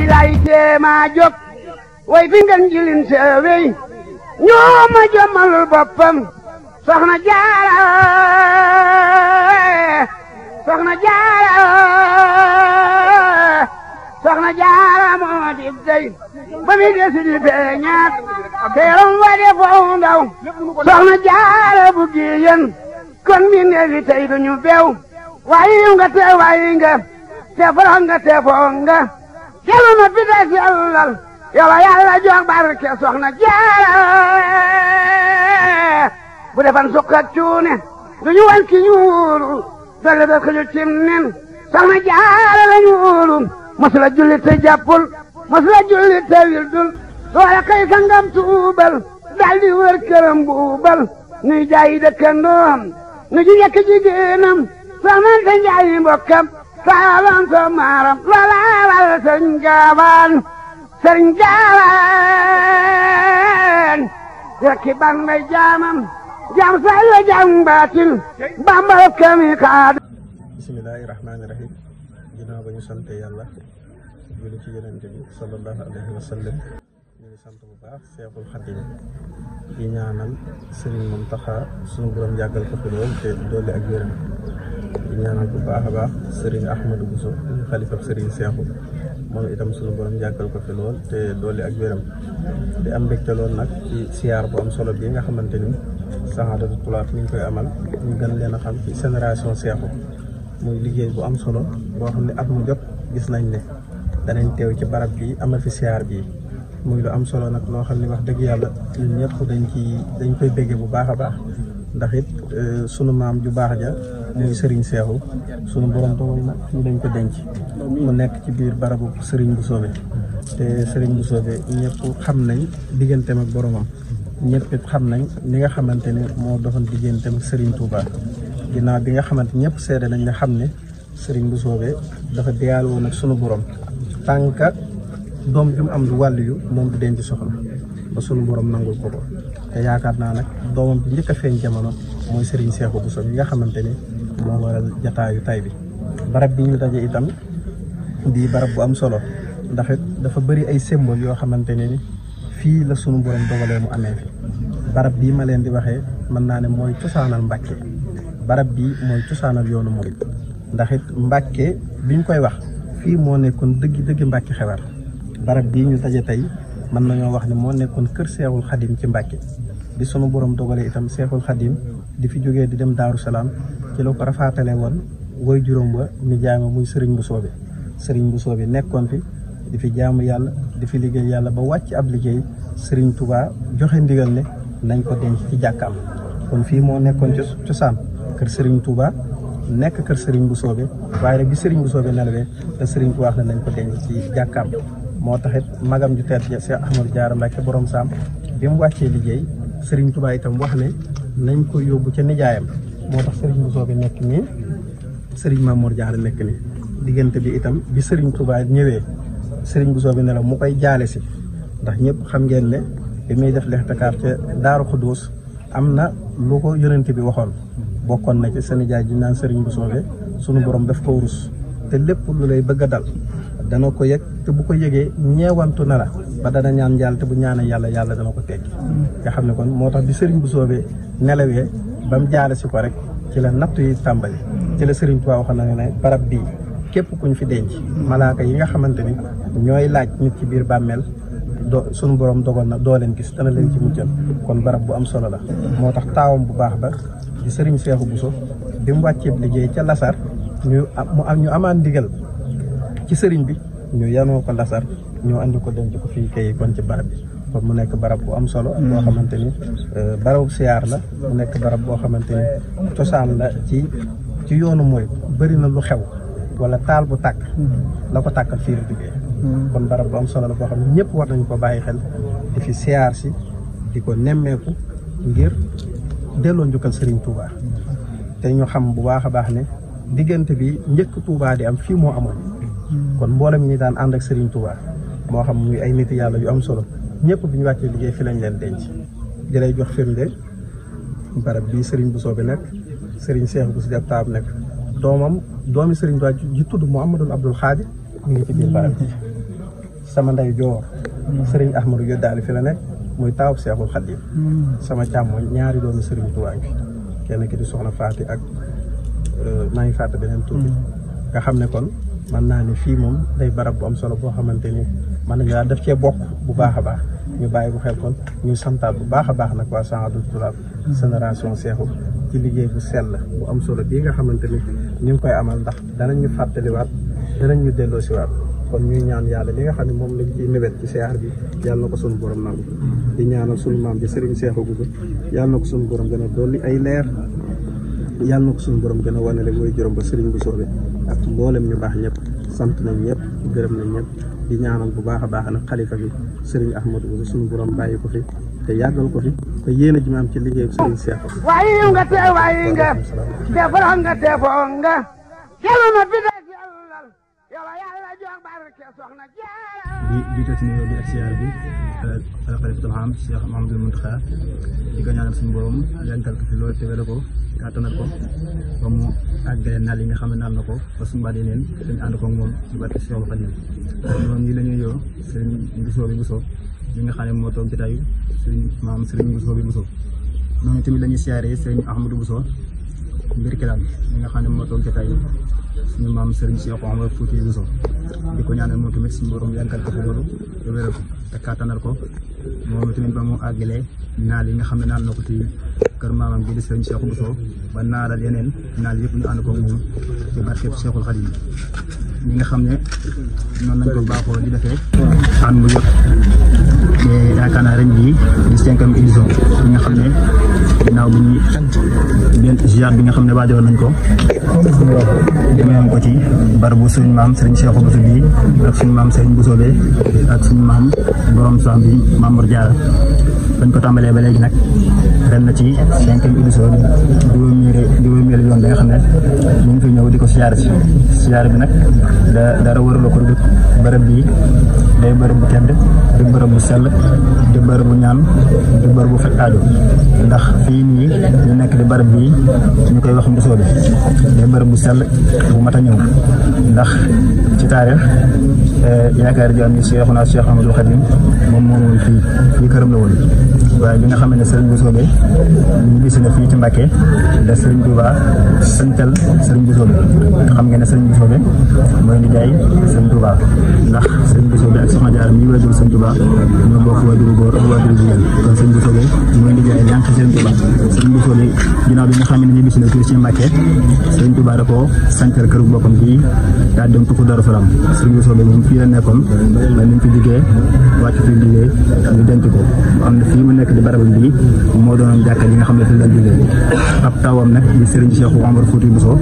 ci lay téema jóg way fi ngeen jilin seewey ñoo ma jommalul boppam soxna jaara soxna jaara moo di dey ba mi desi di feeñaat teeram wa de foofu soxna jaara bu giyen kon mi neefi tey duñu bew waayi nga te waayi nga te farax nga te foo yàlla na fi des yàllal yàlla yàlla jox barke soxna jaara bu defan suq ak cuune duñu wan ki ñuulu dolle des xëjul cim nen soxna jaara la julli te jàppul a julli te wildul doole kay sangam tuubal daal wër këram buubal nuy jaayi dëkkandoom nu ji yekk jigéenam soxna te njaayi mbokkam taalam sa maaram lalaalal sëñ gaawaan sëñ gaawaan rekki ban jaamam jaam say jaam baatin bambal kami xaad bismillaahi rahmaani rahiim ginnaaw ba ñu ci yonente bi sallallahu alayhi wa ñu ngi sant bu baax Cheikhul Khadim di ñaanam Serigne Mountakha suñu borom yàggal ko fi lool ak yërëm di ñaanal bu baax a baax Serigne Ahmadou Bousso ñu xalifa Serigne Cheikhou moom itam suñu borom jàkkal ko fi lool te doole ak yërëm di am mbégte lool nag ci siyaar bu am solo bii nga xamante ni Sahadatou Toulat ñu ngi koy amal ñu gën leen a xam ci génération Cheikhou muy liggéey bu am solo boo xam ne at mu jot gis nañ ne danañ teew ci barab bi amal fi siyaar bii. muy lu am solo nag loo xam ne wax dëgg yàlla ñun ñëpp dañ ci dañ koy béggee bu baax a baax ndax it euh, sunu maam ju baax ja muy sëriñ seexu sunu borom dogal nag ñu ko denc mu nekk ci biir barabu sëriñ bu soobe te sëriñ bu soobee ñëpp xam nañ digganteem ak boromam ñëpp it xam nañ ni nga xamante ne moo doxoon digganteem ak sëriñ Touba ginnaaw bi nga xamante ñëpp seede nañ nga xam ne sëriñ bu soobee dafa diyaalu woon ak sunu borom tànka doom bi mu am lu wàllu yu moom du denc soxla ba sunu boroom nangul ko ko te yaakaar naa nag doomam bi njëkk a feeñ jamono mooy Serigne Cheikhou Bousso bi nga xamante ni moo waral jataayu tay bi. barab bi ñu daje itam di barab bu am solo ndaxit dafa bëri ay symbole yoo xamante ne ni fii la sunu borom dogalee mu amee fi barab bii ma leen di waxee mën naa ne mooy cosaanal Mbàkke barab bii mooy cosaanal yoonu murid ndax it Mbàkke biñ koy wax fii moo nekkoon dëgg dëgg Mbàkke xewar barab bii ñu tajee tey mën nañoo wax ne moo nekkoon kër seexul xadim ci Mbàkke di sunu boroom dogalee itam seexul xadim di fi jógee di dem Daaru Salaam ci la ko rafaatale woon woy juróom wa mu jaama muy sëriñ bu soobe sëriñ bu soobee nekkoon fi di fi jaamu yàlla di fi liggéey yàlla ba wàcc ab liggéey sëriñ Touba joxe ndigal nañ ko ci jàkkaam kon fii moo nekkoon ci cosaan kër sëriñ Touba nekk kër sëriñ bu soobe waaye rek bi sëriñ bu soobee nelawee la sëriñ Touba wax nañ ko denc ci jàkkaam moo taxit magam ju tedd ja Cheikh Ahmadou Diarra Mbacké borom saam bi mu wàccee liggéey Serigne Touba itam wax ne nañ ko yóbbu ca nijaayam moo tax Serigne Bousso bi nekk nii Serigne Mamour Diarra nekk nii diggante bi itam bi Serigne Touba ñëwee Serigne Bousso bi ne mu koy jaale si ndax ñëpp xam ngeen ne bi muy def lextakaar ca Daaru ko doos am na lu ko yonent bi waxoon bokkoon na ci seen jaay ji naan Serigne Bousso bi sunu borom daf ko rus te lépp lu lay bëgg a dal dana ko yëg. te bu ko yëgee ñeewantu na la ba dana ñaan yàlla te bu ñaanee yàlla yàlla dana ko tekki mm. nga xam ne kon moo tax di sëriñ bu soobee nelawee ba mu jaale si ko rek ci la nattu yi tàmbali mm. ci sëriñ Tuubaa waxoon na ne barab bii képp kuñ fi denc mm. malaaka yi nga xamante ni ñooy laaj nit ci biir bàmmeel do suñu borom dogal na doo leen gis dana leen ci mujjal kon barab bu am solo la moo tax taawam bu baax la di sëriñ Seexu Buso bi mu wàccee liggéey ca Lasar ñu mu am ñu amaan ndigal ci sëriñ bi ñu yanoo ko lasar ñu andi ko denc ko fii kay kon ci barab bi kon mu nekk barab bu am solo boo hmm. xamante ni euh, barabu siyaar la mu nekk barab boo xamante ni cosaan la ci ci yoonu mooy bëri na lu xew wala taal bu tàkk hmm. la ko tàkkal fii la jógee hmm. kon barab bu am solo la koo xam ne ñëpp war nañu ko bàyyi xel di fi siyaar si di ko nemmeeku ngir delloo njukkal sëriñ Touba te ñu xam bu baax a baax ne diggante bi njëkk tuubaa di am fii moo amul kon mboolem ñi daan ànd ak Serigne Touba moo xam muy ay nit yàlla yu am solo ñëpp bi ñu wàccee liggéey fi lañ leen denc jëlay jox firnde barab bii Serigne Bousso bi nekk Serigne Cheikh Bousso Diop taab nekk doomam doomi Serigne Touba ji tudd Mouhamadul Abdoul Xaadir mu ngi ci biir barab bi sama nday joor Serigne Ahmadou Yoddaali fi la nekk muy taaw Cheikhul Khadim sama càmmoñ ñaari doomi sëriñ Touba bi kenn ki di soxna Faati ak maa ngi fàtte beneen tur bi hmm. nga xam ne kon man naa ne fii moom day barab bu am solo boo xamante ni man daal def cee bokk bu baax a baax ñu bàyyi bu xel kon ñu santaat bu baax a baax nag waa Sahaadatou Tourab génération Cheikhou ci liggéey bu sell bu am solo bii nga xamante ni ñu ngi koy amal ndax danañ ñu fàttaliwaat danañ ñu delloosiwaat kon ñuy ñaan yàlla li nga xam ne moom lañ ciy mébét ci seexar bi yàlla ko suñu borom nangu di ñaanal suñu maam bi Serigne Cheikhou Gouga yàlla na ko suñu borom gën a dolli ay leer yàlla na ko suñu borom gën a wanale mooy juróom ba Serigne bu soobee ak mboolem ñu baax ñëpp sant nañ ñëpp gërëm nañ ñëpp di ñaanal bu baax a baax na xalifa bi sëriñ Ahmadou Bousso suñu borom bàyyi ko fi te yàggal ko fi te yéen a ji ci liggéey bi sëriñ Seex waaye nga te waaye nga defar nga teefoo nga jëloon bi di jiite si nuyoo bi ak siyaar bi ala xalifatul aam Cheikh Mahamadou Mountakha di ko ñaanal suñu borom ko fi loolu ko kàttanal ko yi nga xam ne naal na ko ba suñu baat yeneen dañu ànd ko moom ci barke si Cheikh Xadim noonu nii la ñuy yoo sëriñ Bousso bi Bousso bi nga xam ne moo toog jotaayu suñu maam sëriñ Bousso bi Bousso noonu tamit la ñuy siyaaree sëriñ Ahmadou mbir kilaam mi nga xam ne moo toog jotaay suñu maam Serigne Cheikh Omar Foutiyou Bousso di ko ñaanal moom tamit suñu borom yàggal ko fi loolu ko te kàttanal ko moom tamit ba mu àggalee yi nga xam ne naan na ko ci kër maamam bi di Serigne Cheikh Bousso ba naalal yeneen naal yëpp ñu ànd ko moom ci barkeb Cheikhul Khadim ñi nga xam ne noonu lañ ko baaxoo di defee ànd mu yëpp mais yaakaar naa ren jii di cinquième édition ñi nga xam ne ginnaaw bi ñuy benn ziar bi nga xam ne waajoon lañ ko su mayoon ko ci bu suñu maam sëriñ Cheikh Bousso bi ak suñu maam sëriñ Bousso be ak suñu maam boroom saam bi Mamour Diarra dañ ko tàmbalee ba léegi nag ren na ci cinquième édition juróomeelu bi nga xam ne ñu ngi fi ñëw di ko siyaar si siyaar bi nag da dara warula ko dugg bërëb bi day bërëb bu tedd di bërëb bu sell di bërëb bu ñaan di bërëb bu faj aajo ndax fii nii ñu nekk di bërëb bii ñu koy wax mbusoo bi day bërëb bu sell bu mat a ñëw ndax ci taarix eh, yaakaar jaam ni Seexuna Seex Ahmadul Xadim moom moom woon fii fii këram la woon waaye bi nga xam ne sëriñ Mbusoo bi ñu gis na fii ci Mbàkke la Sëriñ Tuubaa santal Sëriñ Bousso bi xam nga ne Sëriñ Bousso bi mooy nijaay Sëriñ Tuubaa ndax Sëriñ Bousso Ibrahima ñuy waajur sëñ Tuubaa ñoo bokk waajuru góor ak waajuru jigéen kon sëñ bu Fodé mooy liggéey jànq sëñ Tuubaa sëñ bu Fodé ginnaaw bi nga xam ne ñibbisi na fii ci Mbàkke sëñ Tuubaa da ko sànqal këru boppam fii daa dem tukku Daaru Salaam sëñ bu Fodé moom fii la nekkoon mais ni mu fi jigee wàcc fi liggéey ñu denc ko mu am na fii mu nekk di barabam bii moo doonoon jàkka yi nga xam ne fi la liggéey ab tawam nag di Sëriñ Cheikh Oumar Foutiyou Bousso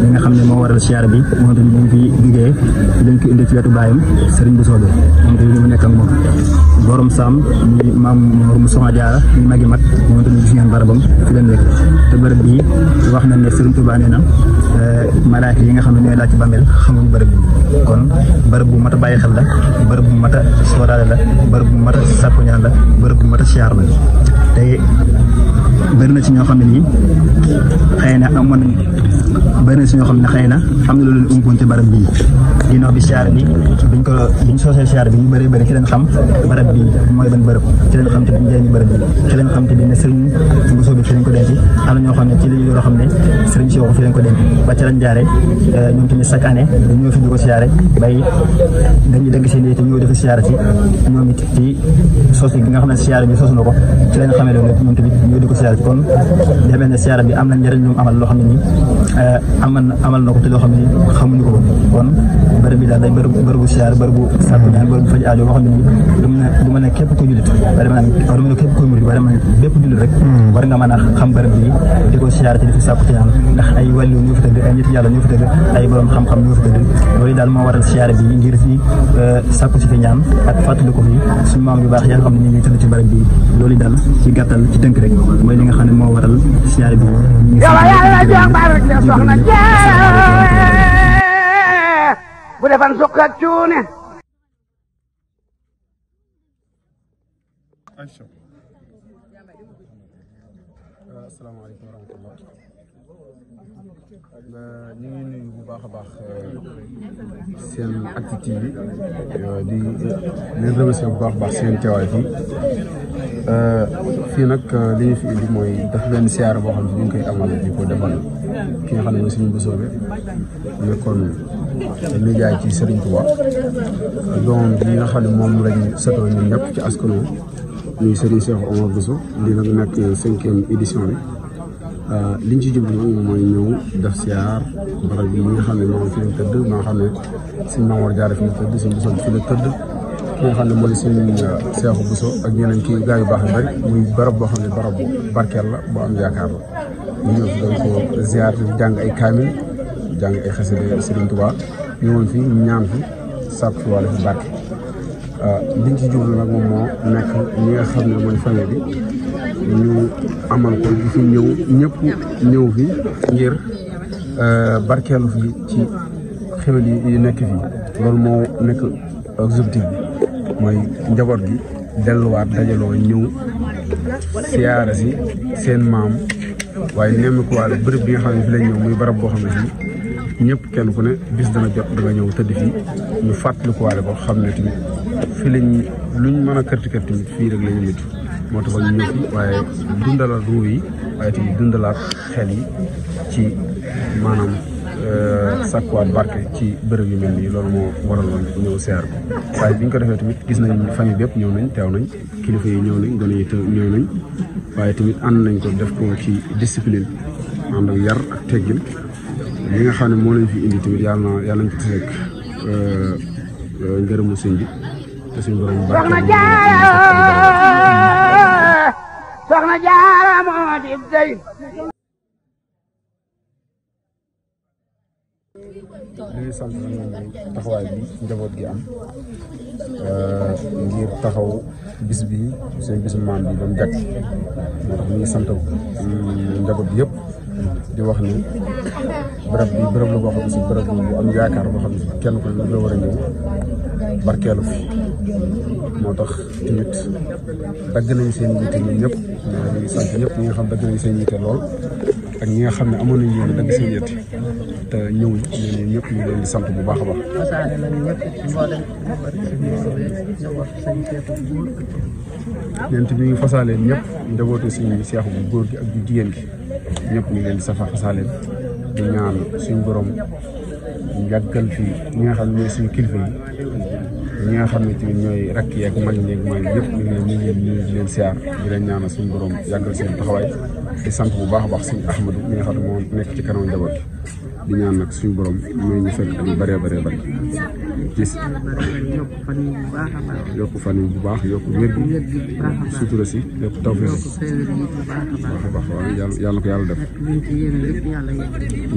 li nga xam ne moo waral siyaar bi moom tamit ñu ngi fi jigee dañ ko indi ci wetu baayam sëriñ bu Fodé moom tamit ñu nekk ak moom borom saam muy maam mu soxna jaara muy magi mag moom tamit gis ngeen fi la nekk te barab bii wax na ne Serigne ba nee na euh, malaaka yi nga xam ne ñooy laaj ci bàmmeel xamuñ barab kon barab bu mat a bàyyi xel la barab bu mat a sóoraale la barab bu mat a sàkku la barab bu mat a siyaar la bëri na ci ñoo xam ne nii xëy na amoon nañ bëri na ci ñoo xam ne xëy na am na loolu umpoon ci barab bii ginnaaw bi siyaar bi biñ ko biñ soosee siyaar bi ñu bëree bëri ci leen xam barab bii mooy ban bërëb ci leen xam te biñ jëriñ barab bi ci leen xam te bi ne sëriñ Bousso bi ci lañ ko denc na ñoo xam ne ci lañ yoo xam ne sëriñ si waxu fi lañ ko denc ba ci lañ euh, ko siyaare bay dañuy dëgg seen te ñëw defa siyaare ci ci soos gi nga xam ne siyaare bi soos na ko ci lañ xamee loolu ñoom tamit ñëw di ko siyaare kon demee ne siyaara bi am na njëriñ lu mu amal loo xam ne nii eh, amal na amal na ko te loo xam ne nii xamuñu ko kon bërëb bi daal day bërëb bërëbu siyaara bërëbu sàkku ñaan bërëbu faj aajo boo ma ne du ko jullit war ma ne képp ko ma ne bépp hmm. war nga mën xam bërëb bi di ko siyaara te di ndax ay wàllu ñoo fi tëdd ay nit yàlla ñoo xam-xam ñoo fi tëdd loolu daal moo waral siyaara bi ngir si eh, sàkku ci fi ñaan ak fàttaliku fi suñu maam yu baax yaa xam ne ñu ngi tëdd ci bërëb bi loolu daal ci gàttal ci tënk rek nga xam ne moo waral siyaay bi yow yàlla jombar soxna jee bu defan suq ak cuune asalaamaaleykum Euh, ñu ngi nuyu bu baax a baax euh, seen Actu TV euh, di leen remercier bu baax baax seen teewaay fii fii nag li ñu fi indi mooy daf benn siyaar boo xam ne ñu koy amal di ko defal ki nga xam ne mooy suñu Mbusoobe nekkoon nijaay ci Serigne Touba doom bi nga xam ne moom lañ setoo ñun ñëpp ci askano ñuy Serigne Cheikh Omar lii nag nekk cinquième édition bi Euh, li ñu ci jublu mooy ñëw def siyaar barab yi nga xam ne moom fi la tëdd ma nga xam ne suñ Mamoor Jaara fi la tëdd suñ Bousso fi la tëdd ki nga xam ne mooy suñ euh, Seexu Bousso ak yeneen kii gaa yu baax yu bari muy barab boo xam ne barab barkeel la boo am yaakaar la ñu ñëw fi doon ko ziar di jàng ay kaamil jàng ay xasida Sëriñ Tuubaa ñëwoon fi ñaan fi sàkku fi wàllu fi barke Euh, liñ ci jublu nag moom moo nekk ñi nga xam ne mooy famille bi ñu amal ko di fi ñëw ñëpp ñëw fi ngir euh, barkeelu fi ci xéwal yi nekk fi loolu moo nekk objectif mooy njaboot gi delluwaat dajaloo ñëw siyaara si seen maam waaye nemmi ko waale bërëb bi nga xam ne fi lañ ñëw muy barab boo xam ne ñépp kenn ku ne bis dana jot danga ñëw tëdd fii ñu fàttalikuwaale ko xam ne tamit fii lañ luñ mën a kërti kërti tamit fii rek lañu ñu moo tax ñu ñëw fii waaye dundalaat ruu yi waaye tamit dundalaat xel yi ci maanaam euh, sàkkuwaat barke ci bërëb yu mel nii loolu moo waraloon ñëw seer ko waaye bi ñu ko defee tamit gis nañ famille bépp ñëw nañ teew nañ kilifa yi ñëw nañ gone yi ñëw nañ waaye tamit ànd nañ ko def ko ci discipline ànd ak yar ak teggin li nga xam ne moo lañ fi indi tamit yàlla na yàlla nañ ci rek ngërëmu sëñ bi te suñu borom baax taxawaay bi njaboot gi am euh, ngir taxaw bis bi seen bisu maam bi ba mu jàkk moo tax ñu ngi sant njaboot bi yëpp di wax ni bërëb bi bërëb la boo xam ne si bërëb bu am boo xam ne si kenn ku ne la war a ñëw barkeelu fi moo tax tamit dagg nañ seen yitte ñoom ñëpp mais ñu ngi sant ñëpp ñi nga xam dagg nañ seen yitte lool ak ñi nga xam ne amoon nañ yéen dagg seen te ñëwuñ ñeneen ñëpp ñu leen di sant bu baax a baax. ñeent bi ñu ñëpp njabootu si seexu bu góor gi ak jigéen gi. ñëpp ñu leen di safa xasaale di ñaan suñu borom yàggal fii ñi nga xam ne ñooy suñu kilifa yi ñi nga xam ne tamit ñooy rakk yeeg mag ñeeg mag yëpp ñu ngi leen ñu leen ñu di leen siyaar di leen ñaanal suñu borom yàggal seen taxawaay di sant bu baax a baax suñu Ahmadou mi nga xam ne moo nekk ci kanamu njaboot di ñaan nag suñu borom muy ñu fekk ñu bëree bëree bëri gis yokk fan bu baax yokk wér gi sutura si yokk tawfeex si yàlla ko yàlla def ñu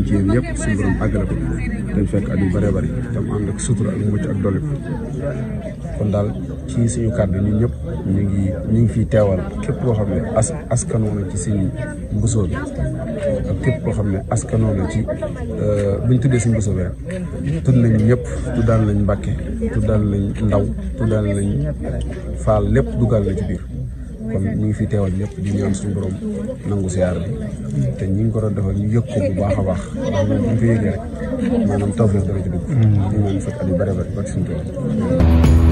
ci yéen yëpp suñu borom àggale ko dañ fekk at yu bëree bëri tam ànd ak sutura ak mucc ak dolli kon daal ci suñu kàddu ñun ñëpp ñu ngi ñu ngi fiy teewal képp koo xam ne as askan ci suñu mbusoo bi ak képp koo xam ne askanoo la ci euh, buñ ñu tuddee suñu Bousso Be rek tudd nañ ñëpp tuddaal nañ Mbàkke tuddaal nañ Ndaw tuddaal nañ Faal lépp dugal na ci biir kon ñu ngi fi teewal ñëpp di ñaan suñu borom nangu siyaar bi te ñi ngi ko doon defal ñu yëg ko bu baax a baax ndax ñun bu ñu ko yëgee rek maanaam tawfeex dana ci dugg. ñu ngi leen di fekk at ba ci suñu